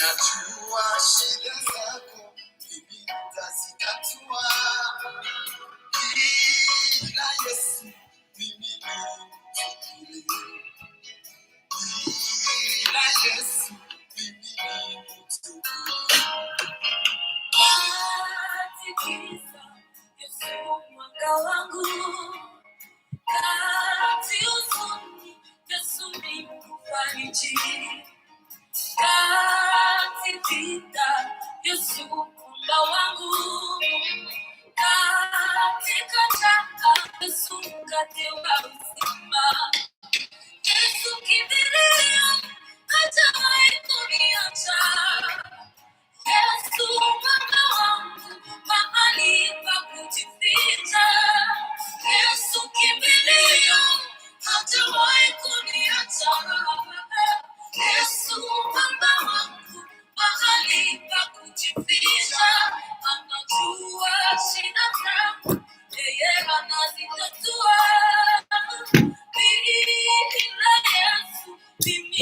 not to wash it away. teu me em cima.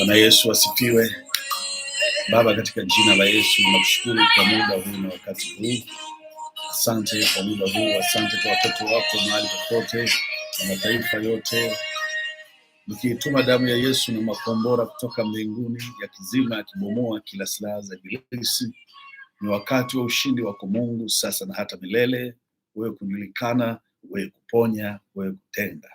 Bwana Yesu asifiwe. Baba, katika jina la Yesu nakushukuru kwa muda huu na wakati huu. Asante kwa muda huu, asante kwa watoto wako mahali popote na mataifa yote, nikiituma damu ya Yesu na makombora kutoka mbinguni ya kizima, yakibomoa kila silaha za Ibilisi. Ni wakati wa ushindi wako Mungu, sasa na hata milele. Wewe kujulikana, wewe kuponya, wewe kutenda,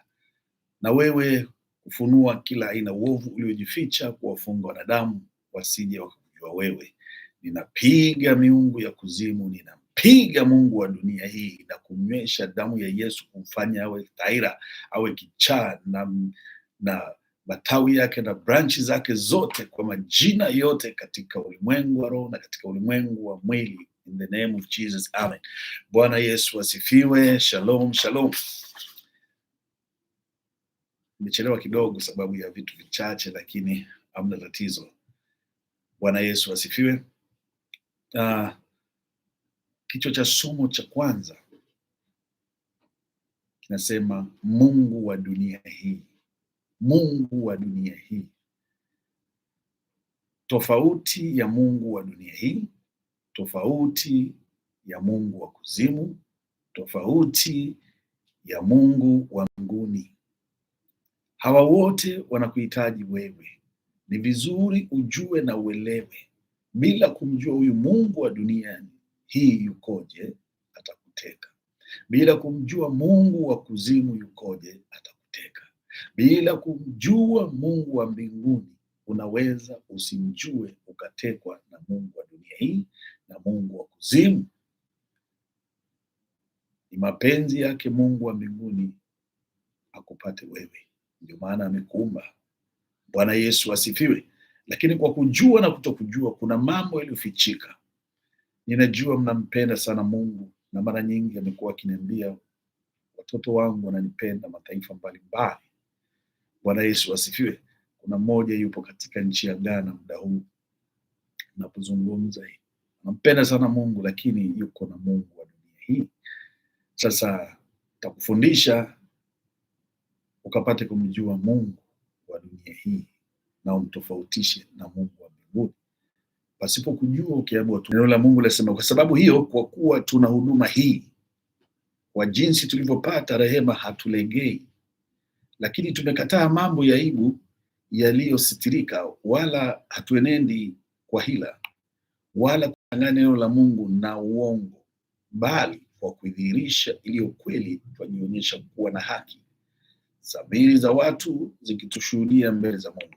na wewe kufunua kila aina uovu uliojificha kuwafunga wanadamu wasije wakakujua wewe. Ninapiga miungu ya kuzimu, ninampiga mungu wa dunia hii na kunywesha damu ya Yesu, kumfanya awe taira, awe kichaa na, na matawi yake na branchi zake zote, kwa majina yote katika ulimwengu wa roho na katika ulimwengu wa mwili. In the name of Jesus, amen. Bwana Yesu asifiwe. Shalom, shalom imechelewa kidogo sababu ya vitu vichache, lakini hamna tatizo. Bwana Yesu asifiwe. Uh, kichwa cha somo cha kwanza kinasema Mungu wa dunia hii. Mungu wa dunia hii, tofauti ya Mungu wa dunia hii, tofauti ya Mungu wa kuzimu, tofauti ya Mungu wa mbinguni hawa wote wanakuhitaji wewe. Ni vizuri ujue na uelewe, bila kumjua huyu Mungu wa duniani hii yukoje, atakuteka. Bila kumjua Mungu wa kuzimu yukoje, atakuteka. Bila kumjua Mungu wa mbinguni, unaweza usimjue, ukatekwa na Mungu wa dunia hii na Mungu wa kuzimu. Ni mapenzi yake Mungu wa mbinguni akupate wewe. Ndio maana amekuumba. Bwana Yesu asifiwe. Lakini kwa kujua na kutokujua, kuna mambo yaliyofichika. Ninajua mnampenda sana Mungu, na mara nyingi amekuwa akiniambia watoto wangu wananipenda mataifa mbalimbali. Bwana Yesu asifiwe. Kuna mmoja yupo katika nchi ya Ghana muda huu napozungumza hii, nampenda sana Mungu lakini yuko na mungu wa dunia hii. Sasa takufundisha ukapate kumjua Mungu wa dunia hii na umtofautishe na Mungu wa mbinguni. Pasipo kujua ukiabua tu. Neno la Mungu lasema, kwa sababu hiyo, kwa kuwa tuna huduma hii, kwa jinsi tulivyopata rehema, hatulegei, lakini tumekataa mambo ya aibu yaliyositirika, wala hatuenendi kwa hila wala kudanganya neno la Mungu na uongo, bali kwa kuidhihirisha iliyo kweli, twajionyesha kuwa na haki sabiri za watu zikitushuhudia mbele za Mungu,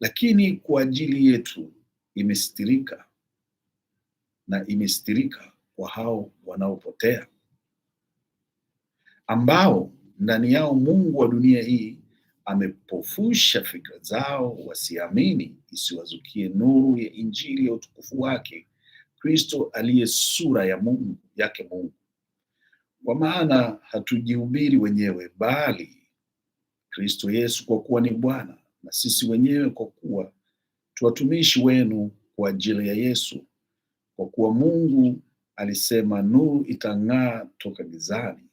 lakini kwa ajili yetu imestirika na imestirika kwa hao wanaopotea ambao ndani yao mungu wa dunia hii amepofusha fikra zao wasiamini, isiwazukie nuru ya injili ya utukufu wake Kristo aliye sura ya Mungu yake Mungu. Kwa maana hatujihubiri wenyewe, bali Kristo Yesu kwa kuwa ni Bwana, na sisi wenyewe kwa kuwa tuwatumishi wenu kwa ajili ya Yesu, kwa kuwa Mungu alisema nuru itang'aa toka gizani,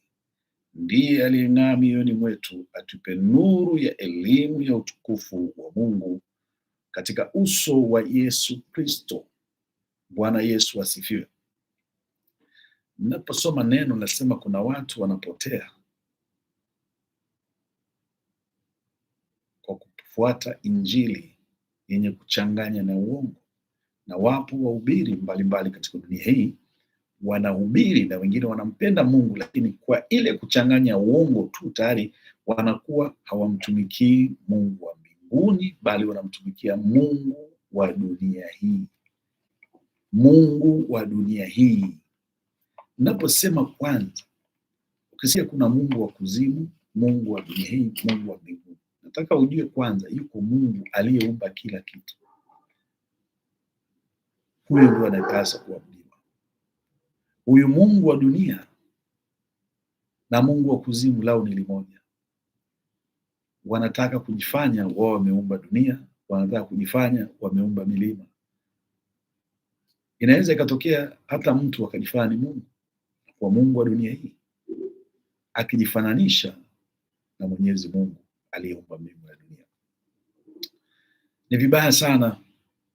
ndiye aliyeng'aa mioyoni mwetu atupe nuru ya elimu ya utukufu wa Mungu katika uso wa Yesu Kristo. Bwana Yesu asifiwe. Naposoma neno nasema kuna watu wanapotea kufuata Injili yenye kuchanganya na uongo, na wapo wahubiri mbalimbali katika dunia hii wanahubiri na wengine wanampenda Mungu, lakini kwa ile kuchanganya uongo tu tayari wanakuwa hawamtumikii Mungu wa mbinguni, bali wanamtumikia Mungu wa dunia hii. Mungu wa dunia hii. Naposema kwanza, ukisikia kuna Mungu wa kuzimu, Mungu wa dunia hii, Mungu wa mbinguni Nataka ujue kwanza, yuko Mungu aliyeumba kila kitu. Huyu ndio anayepaswa kuabudiwa. Huyu Mungu wa dunia na Mungu wa kuzimu lao ni limoja. Wanataka kujifanya wao wameumba dunia, wanataka kujifanya wameumba milima. Inaweza ikatokea hata mtu akajifanya ni Mungu kwa Mungu wa dunia hii, akijifananisha na Mwenyezi Mungu aliyeumba mbingu na dunia. Ni vibaya sana,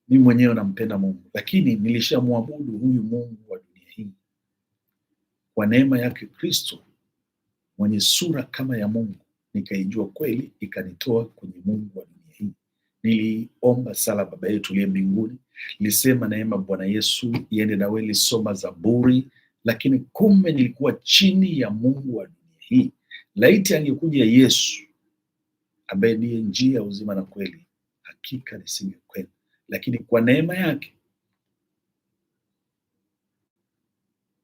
mimi mwenyewe nampenda Mungu, lakini nilishamwabudu huyu Mungu wa dunia hii kwa neema yake Kristo mwenye sura kama ya Mungu, nikaijua kweli, ikanitoa kwenye Mungu wa dunia hii. Niliomba sala Baba yetu uliye mbinguni, lisema neema Bwana Yesu iende nawe, lisoma Zaburi, lakini kumbe nilikuwa chini ya Mungu wa dunia hii. Laiti angekuja Yesu ambaye ndiye njia uzima na kweli, hakika nisingekuja, lakini kwa neema yake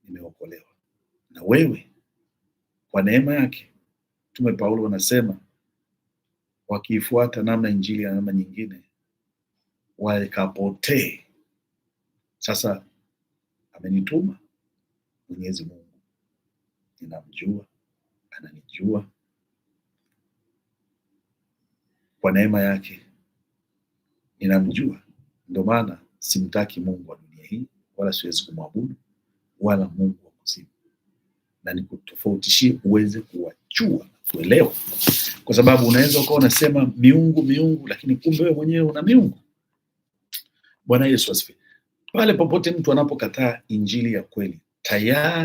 nimeokolewa. Na wewe kwa neema yake. Mtume Paulo anasema wakiifuata namna injili ya namna nyingine wakapotee. Sasa amenituma Mwenyezi Mungu, ninamjua, ananijua kwa neema yake ninamjua, ndio maana simtaki mungu wa dunia hii, wala siwezi kumwabudu wala mungu wa kuzimu, na nikutofautishie uweze kuwachua na kuelewa, kwa sababu unaweza ukawa unasema miungu miungu, lakini kumbe wewe mwenyewe una miungu. Bwana Yesu asifiwe. Pale popote mtu anapokataa injili ya kweli tayari